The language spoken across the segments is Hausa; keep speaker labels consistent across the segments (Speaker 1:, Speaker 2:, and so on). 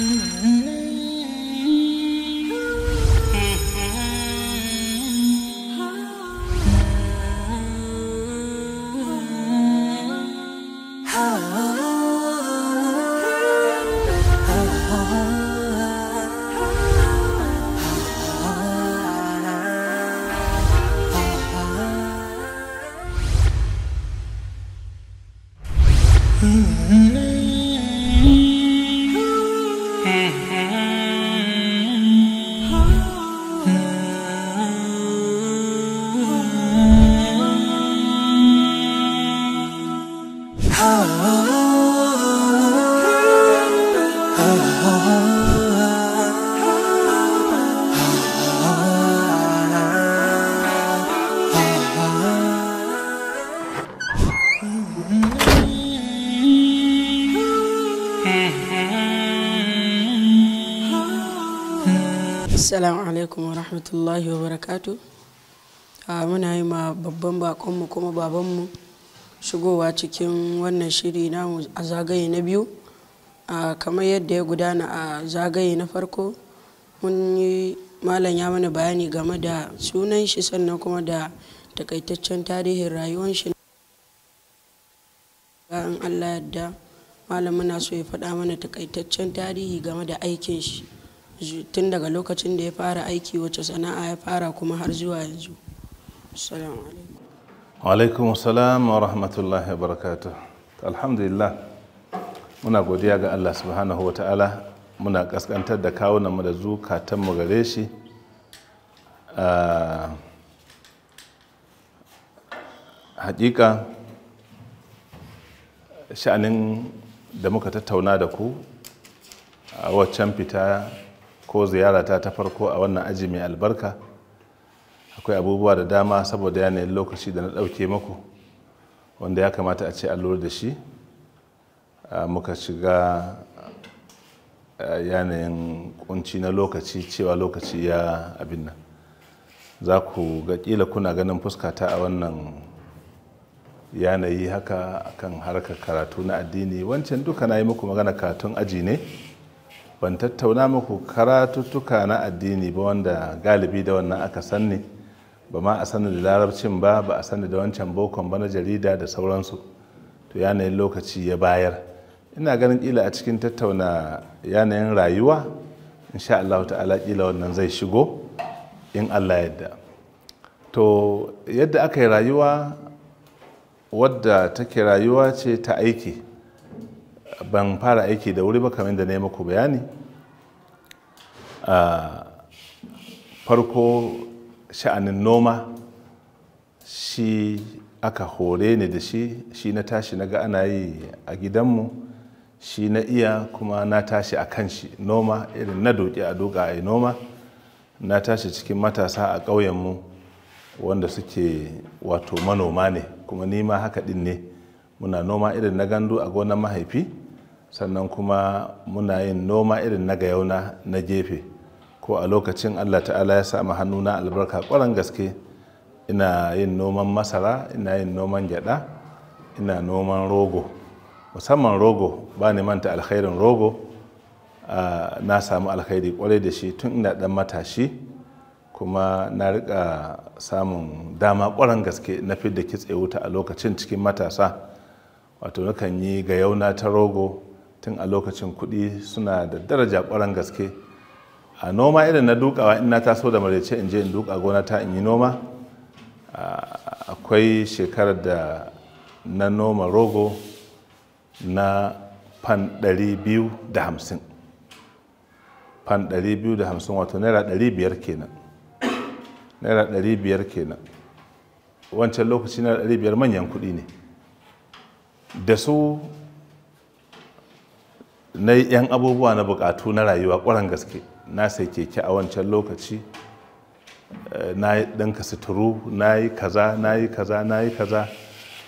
Speaker 1: 음. alaikum wa rahmatullahi wa barakatu muna yi ma babban bakonmu kuma babanmu shigowa cikin wannan shiri namu a zagaye na biyu kamar yadda ya gudana a zagaye na farko mun yi malam ya mana bayani game da sunan shi sannan kuma da takaitaccen tarihin rayuwar shi bayan allah yadda malam muna so ya faɗa mana takaitaccen tarihi game da aikin shi tun daga lokacin da ya fara aiki wacce sana'a ya fara kuma har zuwa yanzu assalamu alaikum alaikum wa rahmatullahi wa barakatuh alhamdulillah muna godiya ga allah subhanahu wa ta'ala muna kaskantar da mu da mu gare shi ah, hakika sha'anin da muka tattauna da ku a waccan fita ko ziyarata ta farko a wannan aji mai albarka akwai abubuwa da dama saboda yanayin lokaci da na ɗauke maku wanda ya kamata a ce an da shi muka shiga yanayin kunci na lokaci cewa lokaci ya abin nan za ku ga kila kuna ganin fuskata a wannan yanayi haka kan harkar karatu na addini wancan duka na yi muku magana karatun aji ne ban tattauna muku karatuttuka na addini ba wanda galibi da wannan aka sanni ba ma a sani da larabcin ba ba a sani da wancan bokon ba na jarida da sauransu to yanayin lokaci ya bayar ina ganin kila a cikin tattauna yanayin rayuwa insha Allah ta'ala kila wannan zai shigo in Allah yadda to yadda aka yi rayuwa wadda take rayuwa ce ta aiki ban fara aiki da wuri ba kamar da na yi maku bayani ah, farko sha'anin noma shi aka hore ni da shi shi na tashi na ga ana yi a gidanmu shi na iya kuma na tashi a kan shi noma irin na doki a doka a yi noma na tashi cikin matasa a ƙauyenmu wanda suke wato manoma ne kuma nima haka ɗin ne muna noma irin na gandu a gonar mahaifi sannan kuma muna yin noma irin na gayauna na gefe ko a lokacin allah ta'ala ya sami hannu na albarka kwaran gaske ina yin noman masara ina yin noman gyada ina noman rogo musamman rogo ba ni manta alkhairin rogo na samu alkhairi kwarai da shi tun ina dan matashi kuma na rika samun dama kwaran gaske na fidda kitse wuta a lokacin cikin matasa wato nakan yi gayauna ta rogo tun a lokacin kuɗi suna da daraja ƙwarar gaske a noma irin na dukawa in na taso da marece in je in duka gona ta in yi noma akwai shekarar da na noma rogo na fan 250 fan 250 wato naira 500 kenan naira 500 kenan wancan lokaci naira 500 manyan kuɗi ne da su na yan abubuwa na bukatu na rayuwa ƙwarar gaske na sai keke a wancan lokaci eh, na yi ɗinka suturu na yi kaza na yi kaza na yi kaza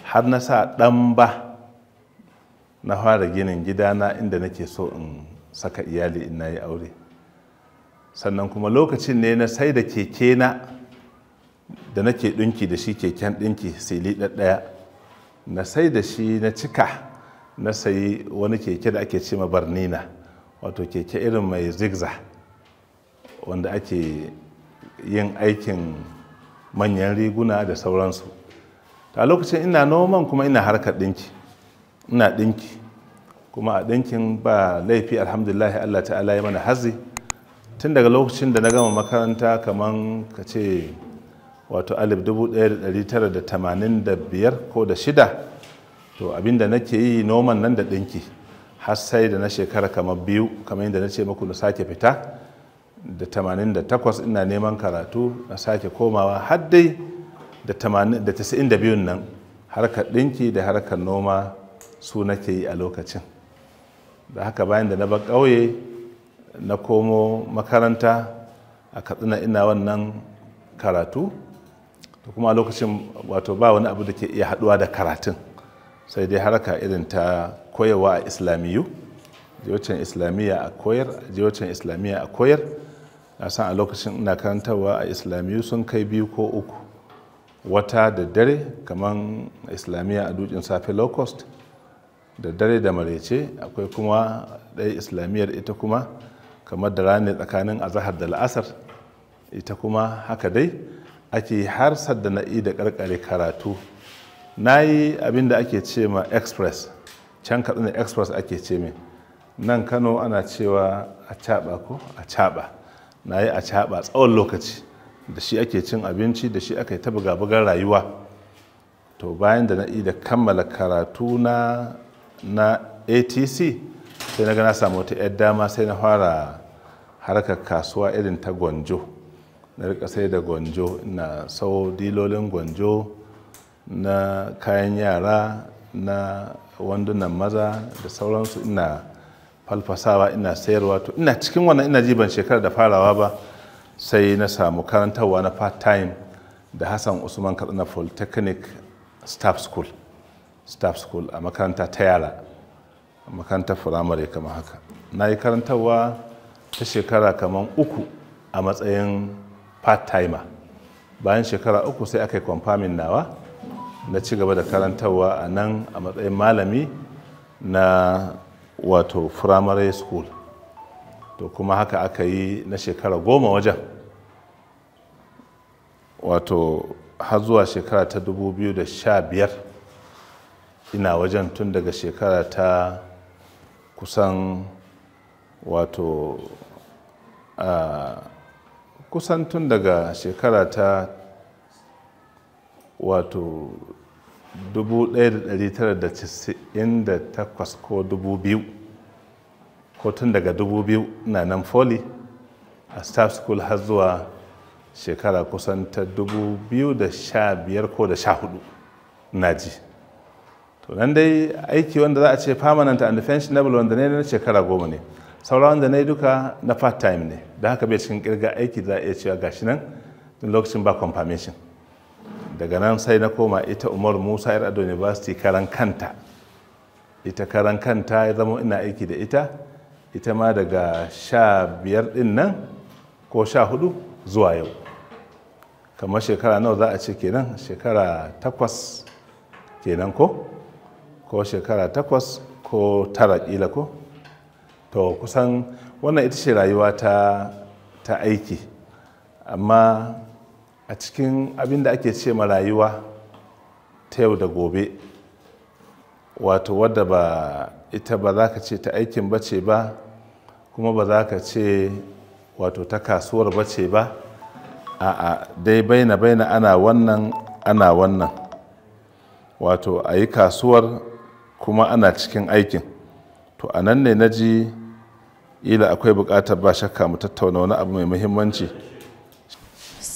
Speaker 1: har na sa ɗan ba na fara ginin gidana inda nake so in saka iyali in na yi aure sannan kuma lokacin ne na sai da keke na da nake ɗinki da shi keken ɗinki sili ɗaya na sai da shi na cika na sayi wani keke da ake cima barnina wato keke irin mai zigza wanda ake yin aikin manyan riguna da sauransu a lokacin ina noman kuma ina harkar ɗinki ina ɗinki kuma a ɗinkin ba laifi alhamdulillah allah ta'ala ya mana hazi tun daga lokacin da na gama makaranta kamar ka ce wato alif 1985 ko da shida to abinda nake yi noman nan da ɗinki har sai da na shekara kamar biyu kamar yadda na ce maku na sake fita da 88 ina neman karatu na sake komawa har dai da 92 nan harkar ɗinki da harkar noma su nake yi a lokacin da haka bayan da na bar ƙauye na komo makaranta a katsina ina wannan karatu to kuma a lokacin wato ba wani abu da ke iya haduwa da karatun sai dai haraka irin ta koyarwa a islamiyu jiwacin islamiyya a koyar jiwacin islamiyya a koyar a san a lokacin ina karantarwa a islamiyu sun kai biyu ko uku wata da dare kamar islamiyya a dukin safe low cost da dare da marece akwai kuma ɗaya islamiyyar ita kuma kamar da rani tsakanin azahar da la'asar ita kuma haka dai ake har sadda na'i da karkare karatu na yi abin ake ce ma express can katsina express ake ce min. nan kano ana cewa a caɓa ko a caɓa na yi a caɓa tsawon lokaci da shi ake cin abinci da shi aka yi ta buga-bugar rayuwa to bayan da na da kammala karatu na atc sai na gana samu wata 'yar dama sai na fara harkar kasuwa irin ta gwanjo na rika sai da gwanjo na sau dilolin gwanjo na kayan yara na wandunan maza da sauransu ina falfasawa ina sayarwa to ina cikin wannan ina jiban shekara da farawa ba sai na samu karantarwa na part-time da hassan usman katsina polytechnic staff school staff school a makaranta ta yara makarantar firamare kamar haka na yi karantarwa ta shekara kamar uku a matsayin part-timer bayan shekara uku sai aka yi kwamfamin nawa na ci gaba da karantarwa a nan a matsayin malami na wato primary school to kuma haka aka yi na shekara goma wajen wato har zuwa shekara ta 2015 ina wajen tun daga shekara ta kusan wato kusan tun daga shekara ta wato 1998 ko 2000 ko tun daga 2000 na nan foli a staff school har zuwa shekara kusan ta 2015 ko da 14 na ji to nan dai aiki wanda za a ce permanent and Level wanda ne na shekara goma ne sauran wanda na yi duka na part time ne da haka bai cikin kirga aiki da za a iya cewa gashi nan lokacin ba confirmation daga nan sai na koma ita umar musa yar ado university karan kanta ita karan kanta ya zama ina aiki da ita ita ma daga sha biyar din nan ko sha hudu zuwa yau kamar shekara nawa za a ce kenan shekara takwas kenan ko ko shekara takwas ko tara kila ko to kusan wannan ita ce rayuwa ta aiki amma a cikin abin da ake ce ma rayuwa ta yau da gobe wato wadda ba ita ba za ka ce ta aikin bace ba kuma ba za ka ce wato ta kasuwar bace ba a'a dai baina baina ana wannan ana wannan wato a yi kasuwar kuma ana cikin aikin to a nan ne na ji ila akwai bukatar ba shakka mu tattauna wani abu mai muhimmanci.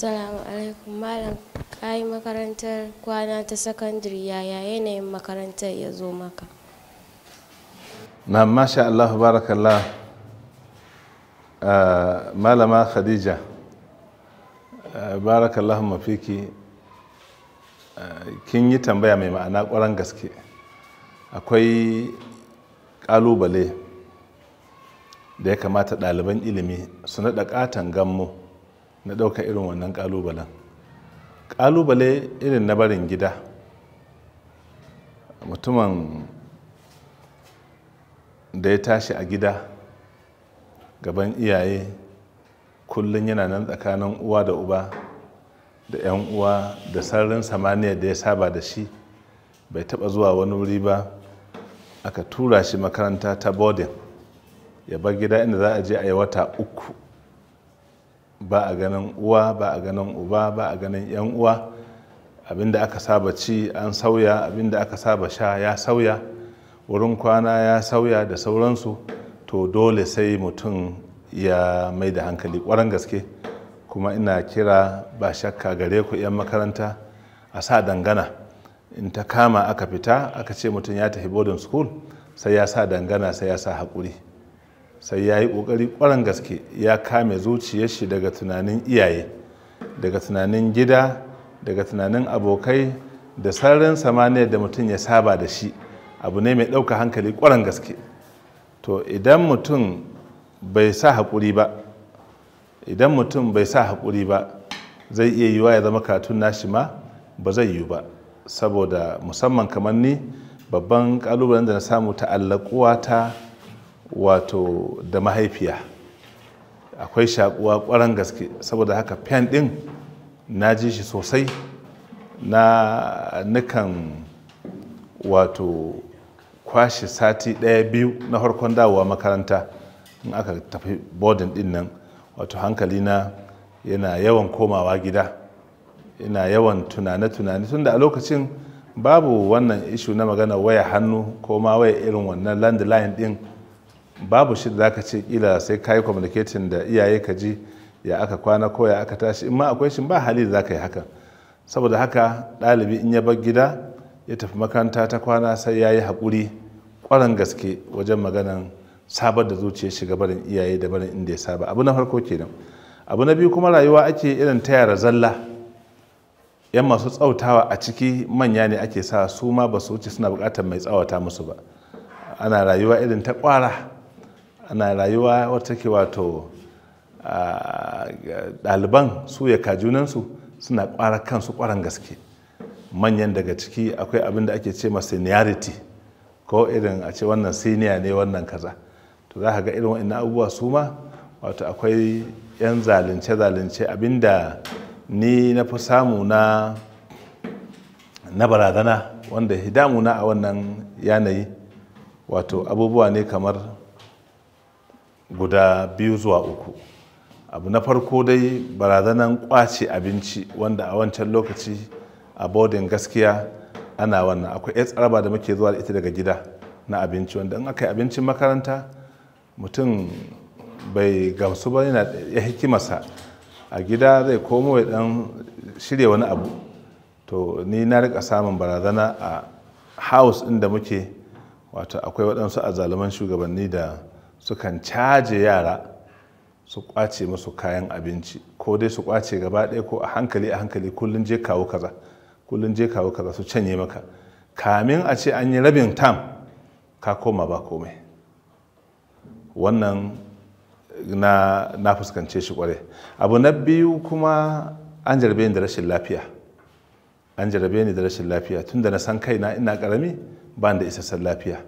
Speaker 1: Assalamu alaikum malam kai makarantar kwana ta sakandare yaya yanayin makarantar ya zo maka. Na masha Allah barakallah ah, malama Khadija ah, barakallahu mafiki ah, kin yi tambaya mai ma'ana kwaran gaske akwai ƙalubale da ya kamata ɗaliban ilimi su naɗa ƙaton gammo na ɗauka irin wannan ƙalubalen ƙalubale irin na barin gida mutumin da ya tashi a gida gaban iyaye kullum yana nan tsakanin uwa da uba da 'yan uwa da sararin samaniya da ya saba da shi bai taba zuwa wani wuri ba aka tura shi makaranta ta boarding ya bar gida inda za a je a yi wata uku ba a ganin uwa ba a ganin uba ba a ganin 'yan uwa abinda aka saba ci an sauya abinda aka saba sha ya sauya wurin kwana ya sauya da sauransu to dole sai mutum ya mai da hankali kwaran gaske kuma ina kira ba shakka gare ku 'yan makaranta a sa dangana in ta kama aka fita aka ce mutum ya tafi boarding school sai ya sa dangana sai ya sa haƙuri sai ya yi ƙoƙari ƙwarar gaske ya kame zuciyar shi daga tunanin iyaye daga tunanin gida daga tunanin abokai da sararin samaniyar da mutum ya saba da shi abu ne mai ɗauka hankali ƙwarar gaske to idan mutum bai sa haƙuri ba idan mutum bai sa haƙuri ba zai iya yiwa ya zama karatun nashi ma ba zai yiwu ba saboda musamman kamar ni babban ƙalubalen da na samu ta'allakuwa ta wato da mahaifiya akwai shaƙuwa kwaran gaske saboda haka fen ɗin na ji shi sosai na nukan wato kwashe sati ɗaya biyu na farkon dawowa makaranta in aka tafi bodin ɗin nan wato na yana yawan komawa gida ina yawan tunane-tunane tun da a lokacin babu wannan ishu na magana waya hannu ko ma waya irin wannan landline ɗin babu shi da zaka ce kila sai ka yi communicating da iyaye ka ji ya aka kwana ko ya aka tashi in ma akwai shi ba hali da zaka yi hakan saboda haka ɗalibi in ya bar gida ya tafi makaranta ta kwana sai ya yi haƙuri ƙwarar gaske wajen maganan sabar da zuciyar shiga barin iyaye da barin inda ya saba abu na farko kenan abu na biyu kuma rayuwa ake irin ta yara zalla yan masu tsautawa a ciki manya ne ake sa su ma ba su wuce suna bukatar mai tsawata musu ba ana rayuwa irin ta kwara. Ana rayuwa wata ke wato ɗaliban su ya kajunansu suna ƙwara kansu ƙwaran gaske manyan daga ciki akwai abin da ake ce ma seniority ko irin a ce wannan senior ne wannan kaza to za ka ga irin wa'in abubuwa su ma wato akwai 'yan zalunce-zalunce abinda ni na fi samu na na barazana wanda hidamuna a wannan yanayi wato abubuwa ne kamar guda biyu zuwa uku abu na farko dai barazanan kwace abinci wanda a wancan lokaci a bodin gaskiya ana wannan akwai ya tsaraba da muke zuwa ita daga gida na abinci wanda in aka yi abincin makaranta mutum bai gamsu ba yana ya hikimarsa a gida zai komo ya dan shirya wani abu to ni na rika samun barazana a house inda muke wato akwai waɗansu a zaluman shugabanni da sukan caje yara su kwace masu kayan abinci ko dai su kwace gaba ɗaya ko a hankali a hankali kullum je kawo kaza kullum je kawo kaza su canye maka kamin a ce an yi rabin tam ka koma ba komai wannan na, na fuskance shi kwarai abu na biyu kuma an jarabe ni da rashin lafiya an jarabe ni da rashin lafiya tunda na san kaina ina karami ba da isassan lafiya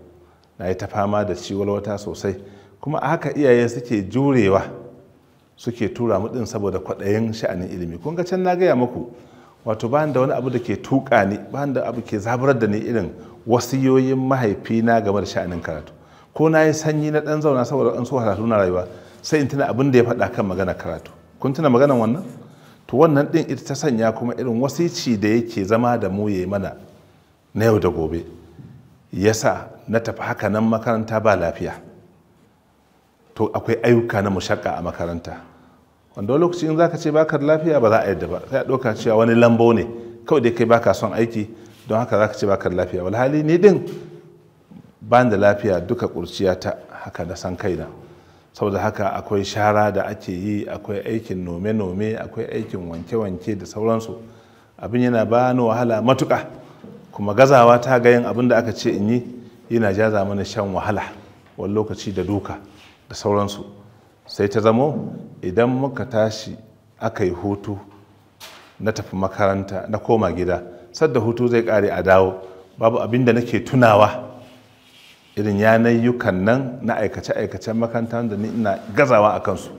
Speaker 1: na yi ta fama da ciwon wata sosai kuma a haka iyaye suke jurewa suke tura mu din saboda kwaɗayin sha'anin ilimi kun ga can na gaya muku wato bayan da wani abu da ke tuƙa ni bayan da abu ke zaburar da ni irin wasiyoyin mahaifina game da sha'anin karatu ko na yi sanyi na ɗan zauna saboda an so halatu na rayuwa sai in tuna abin da ya faɗa kan magana karatu kun tuna maganan wannan to wannan ɗin ita ta sanya kuma irin wasici da yake zama da mu ya mana na yau da gobe yasa na tafi haka nan makaranta ba lafiya to akwai ayyuka na mushakka a makaranta wanda lokaci in zaka ce baka da lafiya ba za a yadda ba sai a ɗauka cewa wani lambo ne kawai dai kai baka son aiki don haka zaka ce baka da lafiya walhali ni din ban da lafiya duka kurciya ta haka da san kai na. saboda haka akwai shara da ake yi akwai aikin nome-nome akwai aikin wanke-wanke da sauransu abin yana ba ni wahala matuka kuma gazawa ta ga yin abin da aka ce in yi yana jaza mana shan wahala wani lokaci da duka da sauransu sai ta zamo idan muka tashi aka yi hutu na tafi makaranta na koma gida sadda hutu zai kare a dawo babu abin da nake tunawa irin yanayyukan nan na aikace-aikacen makaranta da ni ina gazawa a kansu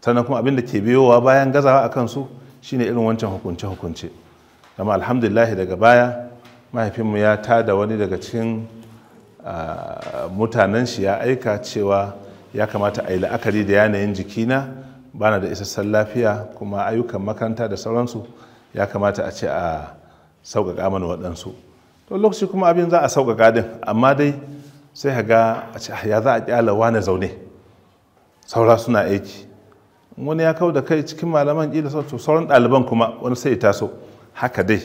Speaker 1: sannan kuma abin da ke biyowa bayan gazawa a kansu shine irin wancan hukunce-hukunce amma alhamdulillah daga baya mahaifinmu ya tada wani daga cikin ah, mutanen shi ya aika cewa ya kamata a yi la'akari da yanayin jikina bana da isassan lafiya kuma ayyukan makaranta da sauransu ya kamata a ce a sauƙaƙa mana waɗansu to lokaci kuma abin za a sauƙaƙa din amma dai sai ka ga a ce ah, ya za a ƙyala wane zaune saura suna aiki wani ya kawo da kai cikin malaman ƙila sau sauran ɗaliban kuma wani sai ya taso haka dai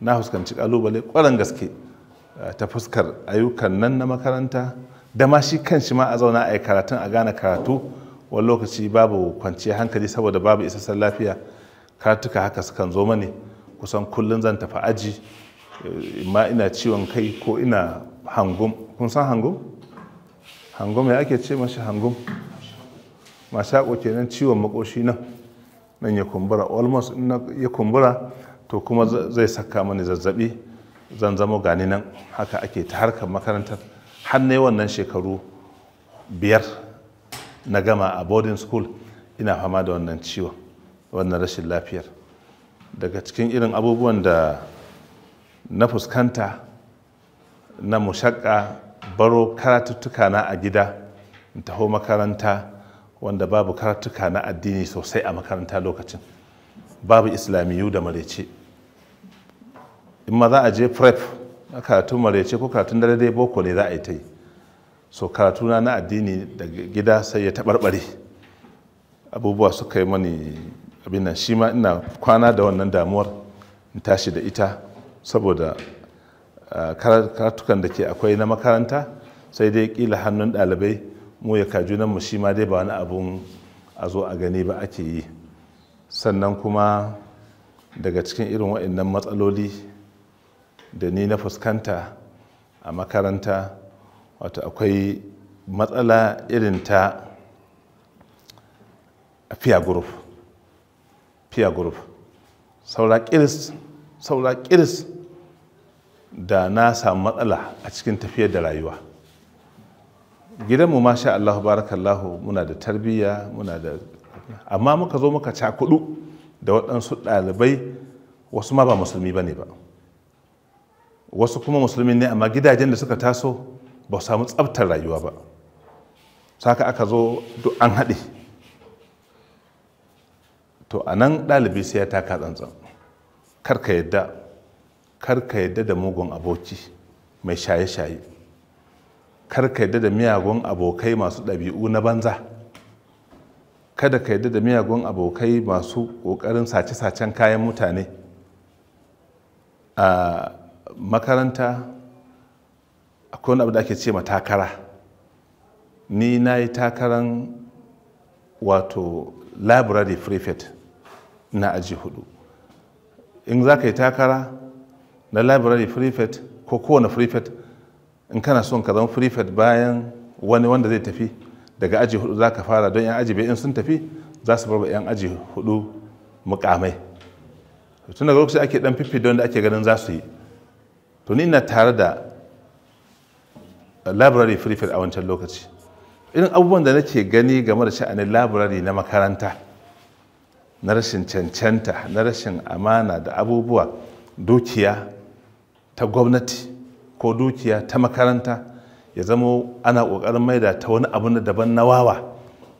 Speaker 1: na fuskanci ƙalubale ƙwarar gaske eh, ta fuskar ayyukan nan na makaranta Dama shi kan shi ma a zauna a yi karatun a gane karatu wani lokaci babu kwanciyar hankali saboda babu isassan lafiya karatuka haka sukan zo mani kusan kullum zan tafi aji eh, ma ina ciwon kai ko ina hangum kun san hangum hangum ya ake ce mashi hangum mashaƙo kenan ciwon makoshi nan nan ya kumbura almost in ya kumbura to kuma zai saka mani zazzabi zan zama gani nan haka ake ta harkar makarantar hannai wannan shekaru biyar na gama a boarding school ina fama da wannan ciwon wannan rashin lafiyar daga cikin irin abubuwan da na fuskanta na mushaƙa baro karatuttuka na a gida taho makaranta wanda babu karatuka na addini sosai a makaranta lokacin babu islamiyu da marece in ma za a je prep na karatun marece ko karatun dare dai boko ne za a yi ta yi so karatuna na addini daga gida sai ya taɓarɓare abubuwa suka yi mani abin nan shi ma ina kwana da wannan damuwar in tashi da ita saboda karatukan da ke akwai na makaranta sai dai kila hannun ɗalibai mu ya kaju nan mu shi ma dai ba wani abun a zo a gani ba ake yi sannan kuma daga cikin irin waɗannan matsaloli da ni na fuskanta a makaranta wato akwai matsala irin ta a group peer group saura saura kiris da na samu matsala a cikin tafiyar da rayuwa gidanmu masha Allah barakallahu muna da tarbiyya muna da amma muka zo muka cakudu da waɗansu ɗalibai wasu ma ba musulmi ba ne ba wasu kuma musulmi ne amma gidajen da suka taso ba samu tsabtar rayuwa ba saka aka zo duk an haɗe to a nan ɗalibi sai ya taka tsantsan karka yadda karka yadda da mugun aboki mai shaye-shaye karka yadda da miyagun abokai masu ɗabi'u na banza kada ka yadda da miyagun abokai masu ƙoƙarin sace-sacen kayan mutane a ah, makaranta akwai wani abu da ake ce ma takara ni na yi takaran wato library prefect na aji hudu in za ka yi takara na library prefect ko kowane prefect in kana son ka zama prefect bayan wani wanda zai tafi daga aji hudu za ka fara don 'yan aji bai in sun tafi za su barba 'yan aji hudu mukamai tun daga lokaci ake dan fifi don da ake ganin za su yi to ni na tare da library prefect a wancan lokaci irin abubuwan da nake gani game da sha'anin library na makaranta na rashin cancanta na rashin amana da abubuwa dukiya ta gwamnati ko dukiya ta makaranta ya zama ana ƙoƙarin maida ta wani abu na daban na wawa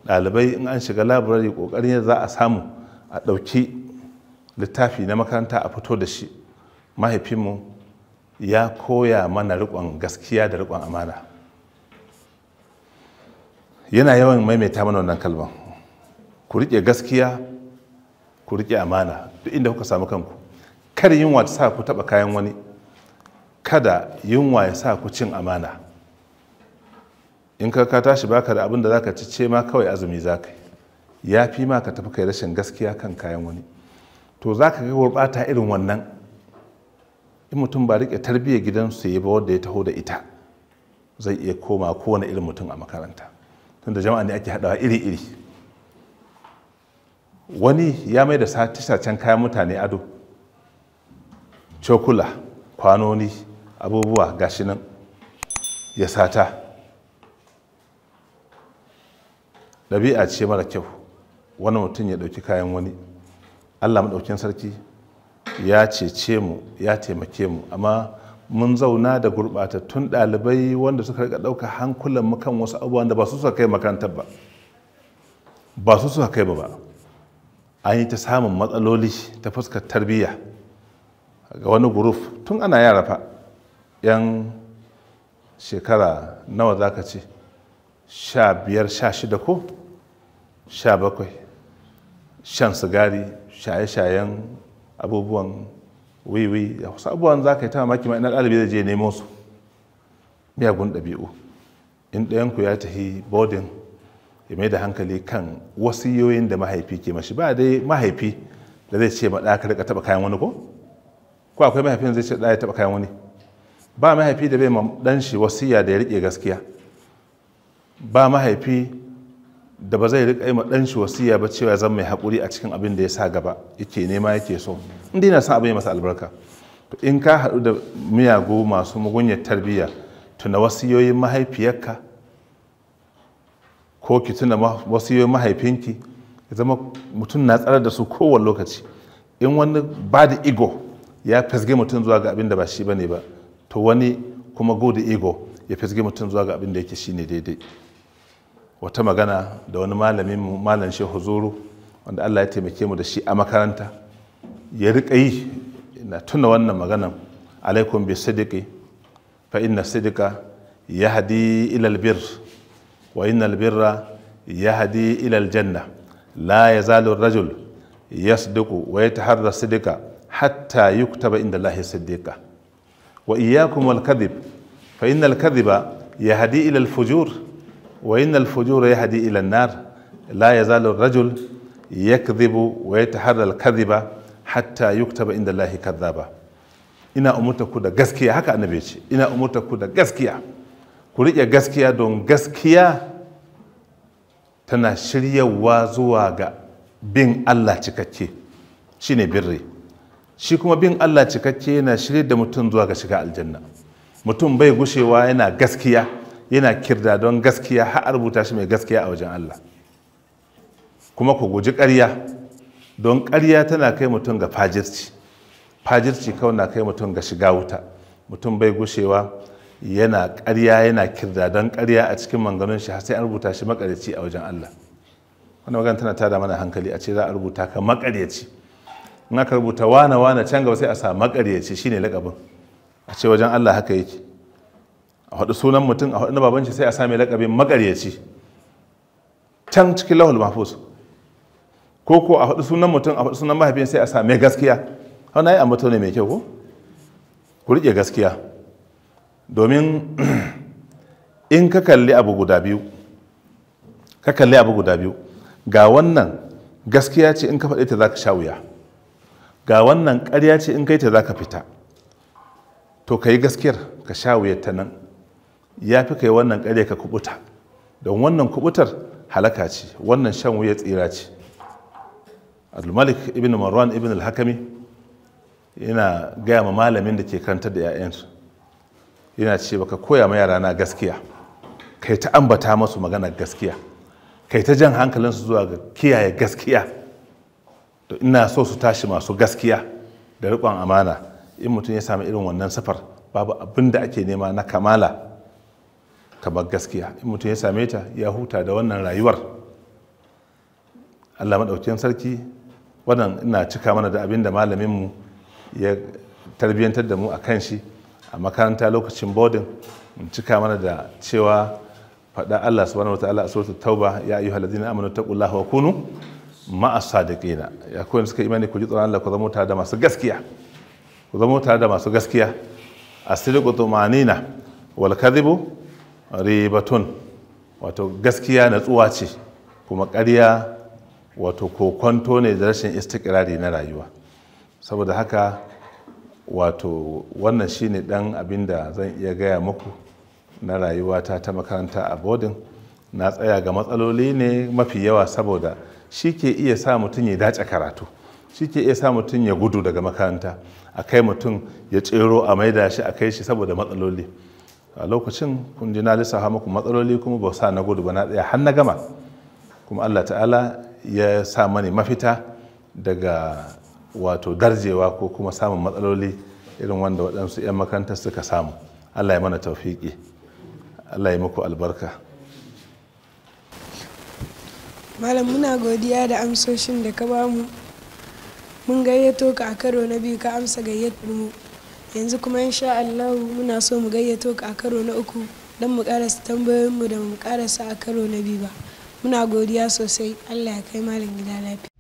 Speaker 1: ɗalibai in an shiga labirari ƙoƙarin yadda za a samu a ɗauki littafi na makaranta a fito da shi mahaifinmu ya koya mana rikon gaskiya da rikon amana yana yawan maimaita mana wannan kalban ku riƙe gaskiya ku riƙe amana duk inda kuka samu kanku kar yunwa ta sa ku taɓa kayan wani kada yunwa ya sa ku cin amana in ka ka tashi baka da abin da zaka ci ce ma kawai azumi za ka yi ya fi ma ka tafi kai rashin gaskiya kan kayan wani to zaka ga gurɓata irin wannan in mutum ba rike tarbiyyar gidansu ya ba wadda ya taho da ita zai iya koma kowane irin mutum a makaranta tunda jama'a ne ake haɗawa iri-iri wani ya mai da sace-sacen kayan mutane ado cokula kwanoni abubuwa gashi nan ya sata ɗabi'a ce mara kyau wani mutum ya ɗauki kayan wani allah maɗaukin sarki ya cece mu ya taimake mu amma mun zauna da gurbatattun ɗalibai wanda suka rika ɗauka hankulan mukan kan wasu abubuwan da ba su suka kai makarantar ba ba su suka kai ba ba an yi ta samun matsaloli ta fuskar tarbiyya ga wani guruf tun ana yara fa yan shekara nawa za ka ce sha biyar sha shida ko sha bakwai shan sigari shaye-shayen abubuwan wiwi da wasu abubuwan za ka yi ta mamaki ma ina ɗalibi zai je nemo su miyagun ɗabi'u in ɗayanku ya tafi bodin ya mai da hankali kan wasiyoyin da mahaifi ke mashi ba dai mahaifi da zai ce ma ka rika taɓa kayan wani ko ko akwai mahaifin zai ce ɗaya ya taɓa kayan wani ba mahaifi da bai ma ɗan shi wasiya da ya riƙe gaskiya ba mahaifi da ba zai riƙa yi ɗan shi wasiya ba cewa zan mai haƙuri a cikin abin da ya sa gaba yake nema yake so inda yana na abin masa albarka To in ka haɗu da miyagu masu mugunyar tarbiyya tuna wasiyoyin mahaifiyarka ko ki tuna wasiyoyin mahaifinki ya zama mutum na tsara da su kowane lokaci in wani ba da ego ya fasge mutum zuwa ga abin da ba shi bane ba to wani kuma go da ego ya fasge mutum zuwa ga abin da yake shine daidai wata magana da wani malamin mu malam shehu zuru wanda allah ya taimake mu da shi a makaranta ya riƙa yi na tuna wannan maganan alaikum bi sadiqi fa inna sadiqa yahdi ila albir wa inna albirra yahdi ila aljanna la yazalu ar-rajul yasdiqu wa yataharra sadiqa hatta yuktaba inda lahi sadiqa wa iyyakum al kadhib fa inna al-kadhiba yahdi ila al-fujur wa innal fujura yahdi ila an-nar la yazalu ar-rajul yakdhibu wa yataharra al-kadhiba inda Allah ba. ina umurta ku da gaskiya haka annabi ce ina umurta ku da gaskiya ku riƙe gaskiya don gaskiya tana shiryawa zuwa ga bin Allah cikakke shine birri shi kuma bin Allah cikakke yana shirye da mutum zuwa ga shiga aljanna mutum bai gushewa yana gaskiya yana kirda don gaskiya har rubuta shi mai gaskiya a wajen Allah kuma ku guji ƙarya don ƙarya tana kai mutum ga fajirci fajirci kawai na kai mutum ga shiga wuta mutum bai gushewa yana ƙarya yana kirda don ƙarya a cikin manganun shi har sai an rubuta shi makaryaci a wajen Allah wannan magana tana tada mana hankali a ce za a rubuta ka makaryaci in aka rubuta wana wana, can gaba sai a sa makaryaci shine lakabin a ce wajen Allah haka yake a haɗu sunan mutum a haɗu na baban shi sai a sami lakabin makaryaci can cikin lahul mahfuz ko ko a haɗu sunan mutum a haɗu sunan mahaifin sai a sami gaskiya na yi ambato ne mai kyau ko ku riƙe gaskiya domin in ka kalli abu guda biyu ka kalli abu guda biyu ga wannan gaskiya ce in ka faɗi ta za ka sha wuya ga wannan ƙarya ce in kai ta za ka fita to ka yi gaskiyar ka sha wuyar ta nan ya fi kai wannan ƙarya ka kubuta don wannan kubutar halaka ce wannan shan wuya tsira ce malik ibn marwan ibn al-hakami yana gaya ma malamin da ke karantar da 'ya'yansu yana ce ka koya ma yara na gaskiya kai ta ambata masu maganar gaskiya kai ta jan hankalinsu zuwa ga kiyaye gaskiya to ina so su tashi masu gaskiya da riƙon amana in mutum ya sami irin wannan safar babu abin da ake nema na kamala kamar gaskiya in mutum ya same ta ya huta da wannan rayuwar allah maɗaukiyar sarki wannan ina cika mana da abin da malaminmu ya tarbiyyantar da mu a kan shi a makaranta lokacin bodin in cika mana da cewa faɗa allah subhanahu wa ta'ala a tauba ya ayyuhal ladina amanu taqullaha wa kunu da sadiqina ya koyi suka imani ku ji tsoron allah ku zama tare da masu gaskiya ku zama tare da masu gaskiya tumanina wal kadhibu ribatun wato gaskiya natsuwa ce kuma ƙarya wato kokonto ne da rashin istikirari na rayuwa saboda haka wato wannan shine ɗan abin da zan iya gaya muku na rayuwata ta makaranta a bodin na tsaya ga matsaloli ne mafi yawa saboda shi ke iya sa mutum ya dace karatu shi ke iya sa mutum ya gudu daga makaranta a kai mutum ya tsero a maida shi a kai shi saboda matsaloli a lokacin kun ji na lissafa muku matsaloli kuma ba sa na gudu ba na tsaya har na gama kuma Allah ta'ala ya sa mani mafita daga wato darjewa ko kuma samun matsaloli irin wanda waɗansu 'yan makaranta suka samu Allah ya mana taufiƙi Allah ya muku albarka malam muna godiya da amsoshin da ka bamu mun gayyato ka a karo na biyu ka amsa gayyatar mu yanzu kuma insha Allah muna so mu gayyato a karo na uku don mu karasa tambayoyinmu da mu karasa a karo na biyu ba muna godiya sosai Allah ya kai malam gida lafiya